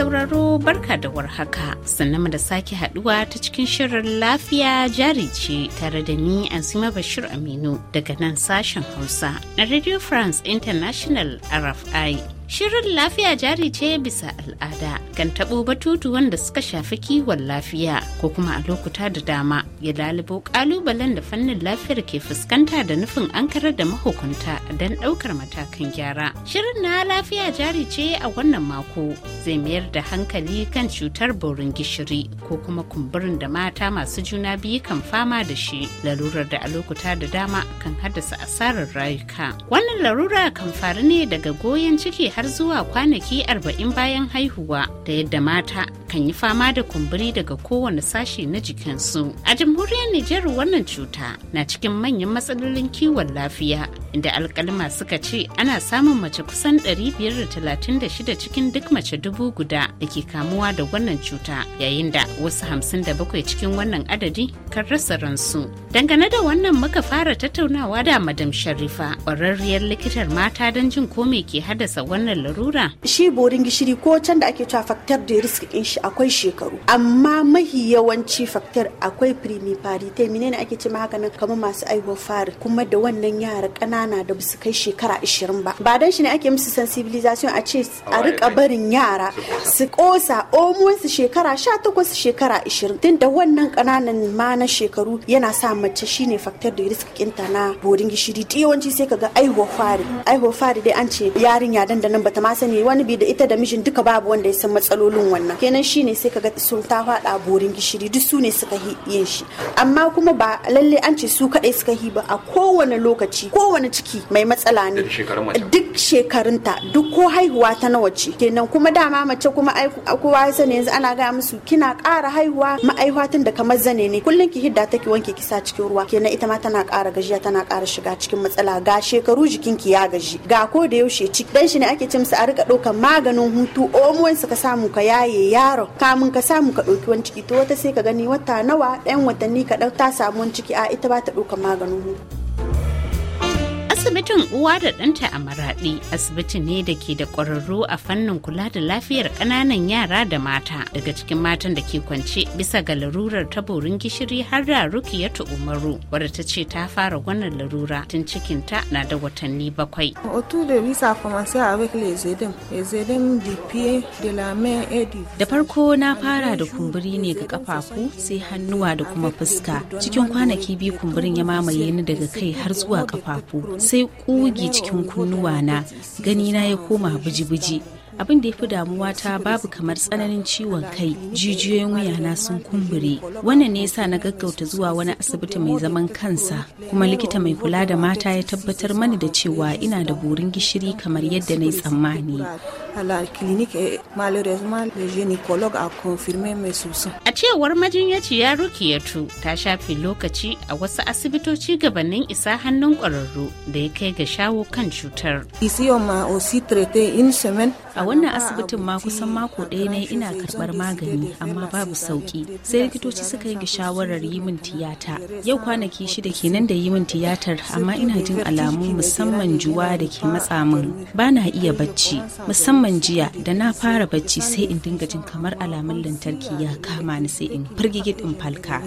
sauraro barka da warhaka sannan da sake haduwa ta cikin shirin lafiya jari ce tare da ni azima bashir aminu daga nan sashen hausa na radio france international rfi Shirin lafiya jari ce bisa al'ada kan taɓo batutu wanda suka shafi kiwon lafiya ko kuma a lokuta da dama ya lalubo ƙalubalen da fannin lafiyar ke fuskanta da nufin an da mahukunta don ɗaukar matakan gyara. Shirin na lafiya jari ce a wannan mako zai mayar da hankali kan cutar borin gishiri ko kuma kumburin da mata masu juna biyu kan fama da shi larurar da a lokuta da dama kan haddasa asarar rayuka. Wannan larura kan faru ne daga goyon ciki har zuwa kwanaki arba'in bayan haihuwa da yadda mata kan yi fama da kumburi daga kowane sashe na jikinsu. A jamhuriyar Nijar wannan cuta na cikin manyan matsalolin kiwon lafiya inda alkalima suka ce ana samun mace kusan 536 cikin duk mace dubu guda da ke kamuwa da wannan cuta yayin da wasu hamsin da bakwai cikin wannan adadi kan rasa ransu. Dangane da wannan muka fara tattaunawa da Madam Sharifa, ƙwararriyar likitar mata don jin ko me ke haddasa wannan wannan larura? Shi borin gishiri ko can da ake cewa factor de risk din shi akwai shekaru. Amma mahi yawanci factor akwai primiparite menene ake ce haka nan kamar masu aihuwar fari kuma da wannan yara ƙanana da basu kai shekara 20 ba. Ba dan shi ne ake musu sensibilization a ce a rika barin yara su kosa omuwan su shekara 18 shekara 20 da wannan ƙananan ma na shekaru yana sa mace shine factor de risk kinta na borin gishiri. Yawanci sai kaga aihuwar fari. Aihuwar fari dai an ce yarinya dandanan wannan bata ma sani wani bi da ita da mijin duka babu wanda ya san matsalolin wannan kenan shine sai kaga sun ta fada borin gishiri duk su ne suka yin shi amma kuma ba lalle an ce su kadai suka yi ba a kowane lokaci kowane ciki mai matsala ne duk shekarun shekarunta duk ko haihuwa ta nawa ce kenan kuma dama mace kuma kowa ya sani yanzu ana gaya musu kina kara haihuwa ma'aihuwa tun da kamar zane ne kullum ki hidda take wanke kisa cikin ruwa kenan ita ma tana kara gajiya tana kara shiga cikin matsala ga shekaru jikinki ya gaji ga ko da yaushe ciki dan shi ne ake ce a rika ɗaukar maganin hutu omuwan ka samu ka yaye yaro kamun ka samu ka ɗauki wani ciki to wata sai ka gani wata nawa ɗayan watanni ka ta samu wani ciki a ita ba ta ɗaukar maganin hutu Asibitin uwa da ɗanta a Maraɗi asibiti ne da ke da ƙwararru a fannin kula da lafiyar ƙananan yara da mata daga cikin matan da ke kwance bisa ga larurar taborin gishiri har da Rukiyatu Umaru wadda ta ce ta fara gwanar larura tun cikinta na da watanni bakwai. Da farko na fara da kumburi ne ga kafafu sai hannuwa da kuma fuska cikin kwanaki biyu kumburin ya mamaye ni daga kai har zuwa kafafu sai sai kugi cikin kunnuwana ganina ya koma buji-buji abin da ya fi damuwa ta babu kamar tsananin ciwon kai jijiyoyin wuyana sun kumbure wannan ne yasa na gaggauta zuwa wani asibiti mai zaman kansa kuma likita mai kula da mata ya tabbatar mani da cewa ina da burin gishiri kamar yadda na yi tsammani à la clinique et malheureusement le gynécologue a confirmé mes soupçons. A cewar majinyaciya Rukiyatu ta shafe lokaci a wasu asibitoci gabanin isa hannun kwararru da ya kai ga shawo kan cutar. Ici on m'a aussi traité une semaine. A wannan asibitin ma kusan mako ɗaya ne ina karɓar magani amma babu sauƙi, Sai likitoci suka yi shawarar yi min tiyata. Yau kwanaki shida kenan da yi min tiyatar amma ina jin alamu musamman juwa da ke matsa min. Ba na iya bacci musamman musamman jiya da na fara bacci sai in dinga jin kamar alamun lantarki ya kama ni sai in firgigit in falka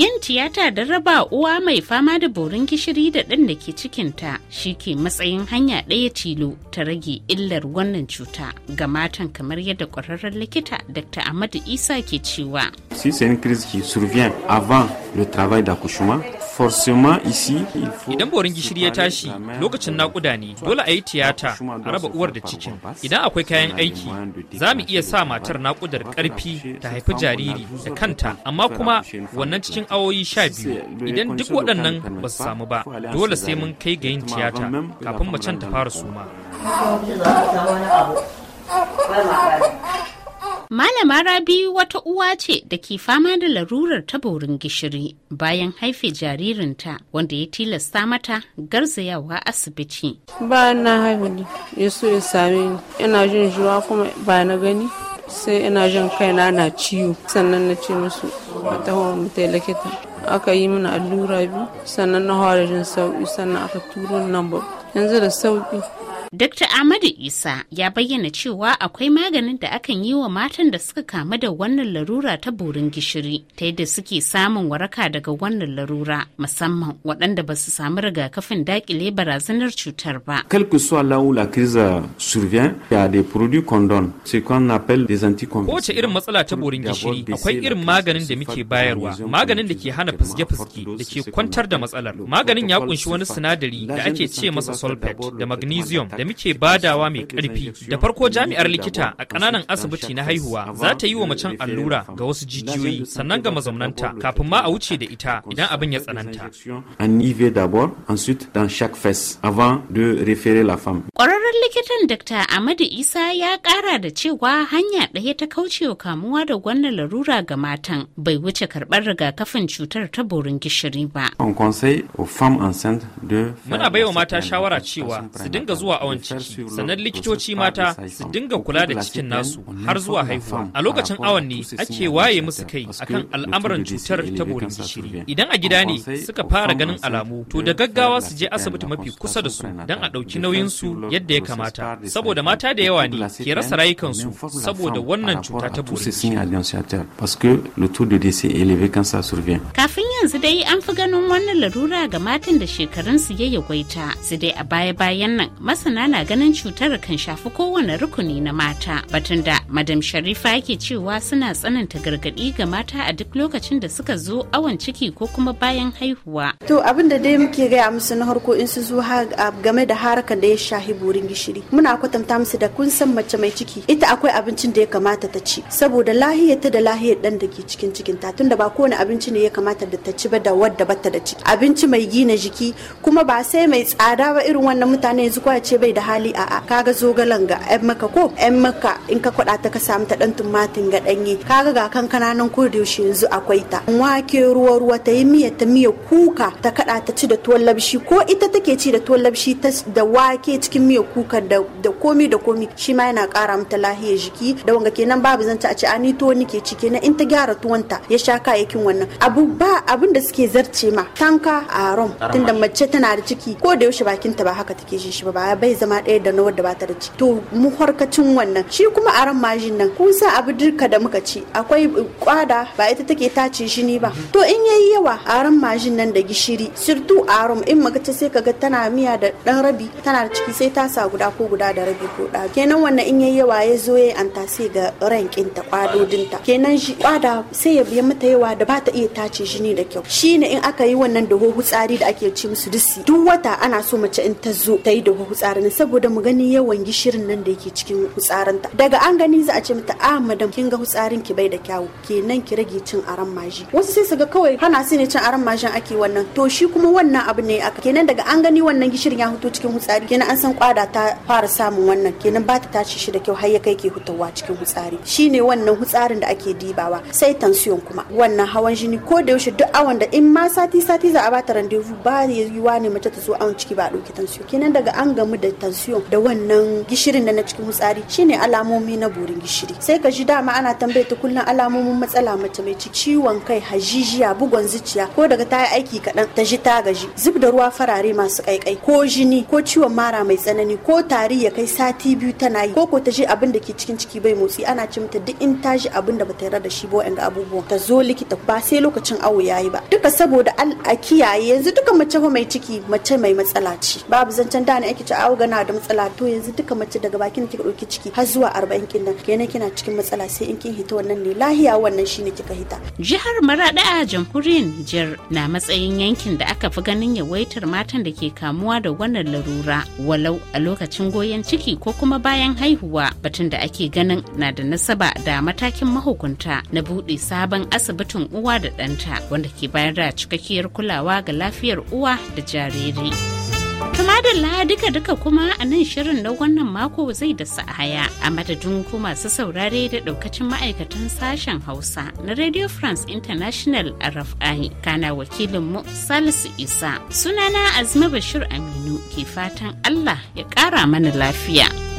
yin tiyata da raba uwa mai fama da borin gishiri da ɗan da ke cikin ta shi ke matsayin hanya ɗaya tilo ta rage illar wannan cuta ga matan kamar yadda ƙwararren likita dr ahmadu isa ke cewa si c'est une crise qui Idan borin gishiri ya tashi lokacin nakuda ne dole a yi tiyata a raba uwar da cikin. Idan akwai kayan aiki za mu iya sa matar naƙudar ƙarfi ta haifi jariri da kanta amma kuma wannan cikin awoyi sha biyu idan duk waɗannan ba su samu ba dole sai mun kai ga yin tiyata kafin macen ta fara suma. Malama Rabi wata uwa ce da ke fama da larurar taborin gishiri bayan haife jaririnta wanda ya tilasta mata garzayawa asibiti. Ba na haihu ya so ya same ni, ina jin zuwa kuma ba na gani. sai ina jin kaina na ciwo sannan na ce musu a taho likita aka yi mana allura biyu sannan na da jin sauki sannan aka turo nan ba yanzu da sauƙi. Dr. Ahmadu Isa ya bayyana cewa akwai maganin da akan yi wa matan da suka kamu da wannan larura ta burin gishiri ta yadda suke samun waraka daga wannan larura musamman waɗanda ba su samu rigakafin dakile barazanar cutar ba. Kalku su là la crise survient, il y a des produits qu'on donne, ce des Kowace irin matsala ta burin gishiri akwai irin maganin da muke bayarwa, maganin da ke hana fuske-fuske da ke kwantar da matsalar. Maganin ya kunshi wani sinadari da ake ce masa sulfate da magnesium da muke badawa mai karfi da farko jami'ar likita a ƙananan asibiti na haihuwa za ta yi wa macen allura ga wasu jijiyoyi sannan ga mazaunanta kafin ma a wuce da ita idan abin ya tsananta. Ƙwararren likitan Dr. amadu Isa ya ƙara da cewa hanya ɗaya ta kaucewa kamuwa da wannan larura ga matan bai wuce karɓar rigakafin cutar ta borin gishiri ba. Muna baiwa mata shawara cewa su dinga zuwa awon ciki sannan likitoci mata su dinga kula da cikin nasu har zuwa haihuwa a lokacin awon ne ake waye musu kai akan al'amuran cutar ta borin gishiri idan a gida ne suka fara ganin alamu to da gaggawa su je asibiti mafi kusa da su don a ɗauki nauyin su yadda ya kamata saboda mata da yawa ne ke rasa rayukansu saboda wannan cuta ta borin gishiri kafin yanzu dai an fi ganin wannan larura ga matan da shekarunsu ya gwaita su dai a baya-bayan nan masana masana na ganin cutar kan shafi kowane rukuni na mata batun da madam sharifa yake cewa suna tsananta gargaɗi ga mata a duk lokacin da suka zo awon ciki ko kuma bayan haihuwa to abin da dai muke gaya musu na harko in su zo game da harakan da ya shahi burin gishiri muna kwatanta musu da kun san mace mai ciki ita akwai abincin da ya kamata ta ci saboda ta da lahiyar dan da ke cikin cikin ta tunda ba kowane abinci ne ya kamata da ta ci ba da wadda bata da ci abinci mai gina jiki kuma ba sai mai tsada ba irin wannan mutane yanzu kwa ce ba bai da hali a kaga zogalan ga yan maka ko yan maka in ka kwada ta ka samu ta dan tumatin ga danye kaga ga kan kananan kurdi yanzu akwai ta wake ruwa ruwa ta yi miya ta miya kuka ta kada ta ci da tuwon labshi ko ita take ci da tuwon labshi da wake cikin miya kuka da komi da komi shi ma yana kara mata lahiyar jiki da wanga kenan babu zanta a ci ani tuwo nike ci kenan in ta gyara tuwon ta ya sha kayayyakin wannan abu ba abin da suke zarce ma tanka a rom tunda mace tana da ciki ko da yaushe bakinta ba haka take shi ba bai zama ɗaya da na wadda ba ta da ci to mu harkacin wannan shi kuma a ran majin nan kun sa abu duka da muka ci akwai kwada ba ita take tace shi ni ba to in yayi yawa a ran majin nan da gishiri sirtu a ran in muka ci sai kaga tana miya da dan rabi tana da ciki sai ta sa guda ko guda da rabi ko da kenan wannan in yayi yawa ya zo ya sai ga rankin ta ta kenan shi kwada sai ya biya mata yawa da ba ta iya tace shi ne da kyau shine in aka yi wannan da tsari da ake ci musu disi duk wata ana so mace in ta zo ta yi da tsari kenan saboda mu gani yawan gishirin nan da yake cikin fitsarinta daga an gani za a ce mata a ah, madam kin ga fitsarin ki bai da kyawu kenan ki rage cin aran maji wasu sai su ga kawai hana su ne cin aran majin ake wannan to shi kuma wannan abu ne aka kenan daga an gani wannan gishirin ya huto cikin fitsari kenan an san kwada ta fara samun wannan kenan ba ta tashi shi da kyau har ya kai ke hutawa cikin fitsari shine wannan fitsarin da ake dibawa sai tansiyon kuma wannan hawan jini ko da yaushe duk awon da in ma sati sati za a bata randevu ba yiwuwa ne mace ta zo awon ciki ba a ɗauki tansiyon kenan daga an gamu da tension da wannan gishirin da na cikin fitsari shine alamomi na burin gishiri sai ka ji dama ana tambaye ta kullum alamomin matsala mace mai ci ciwon kai hajijiya bugun zuciya ko daga ta yi aiki kaɗan ta ji ta gaji zub da ruwa farare masu kaikai ko jini ko ciwon mara mai tsanani ko tari ya kai sati biyu tana yi ko ko ta ji abin da ke cikin ciki bai motsi ana ci mata duk in ta ji abin da bata yarda da shi ba wa'anga abubuwan ta zo likita ba sai lokacin awo yi ba duka saboda a kiyaye yanzu duka mace mai ciki mace mai matsala ce babu zancen da ne ake ci awo magana da matsala yanzu duka mace daga bakin kika dauki ciki har zuwa 40 kin kenan kina cikin matsala sai in kin hita wannan ne lahiya wannan shine kika hita jihar maradi a jamhuriyar Nijar na matsayin yankin da aka fi ganin yawaitar matan da ke kamuwa da wannan larura walau a lokacin goyon ciki ko kuma bayan haihuwa batun da ake ganin na da nasaba da matakin mahukunta na buɗe sabon asibitin uwa da ɗanta wanda ke bayar da cikakkiyar kulawa ga lafiyar uwa da jariri. Tuma da duka duka kuma a nan shirin na wannan mako zai da haya a madadin ku masu saurare da daukacin ma'aikatan sashen Hausa na Radio France International RFI kana wakilinmu Salisu Isa. Sunana Azma Bashir Aminu ke fatan Allah ya ƙara mana lafiya.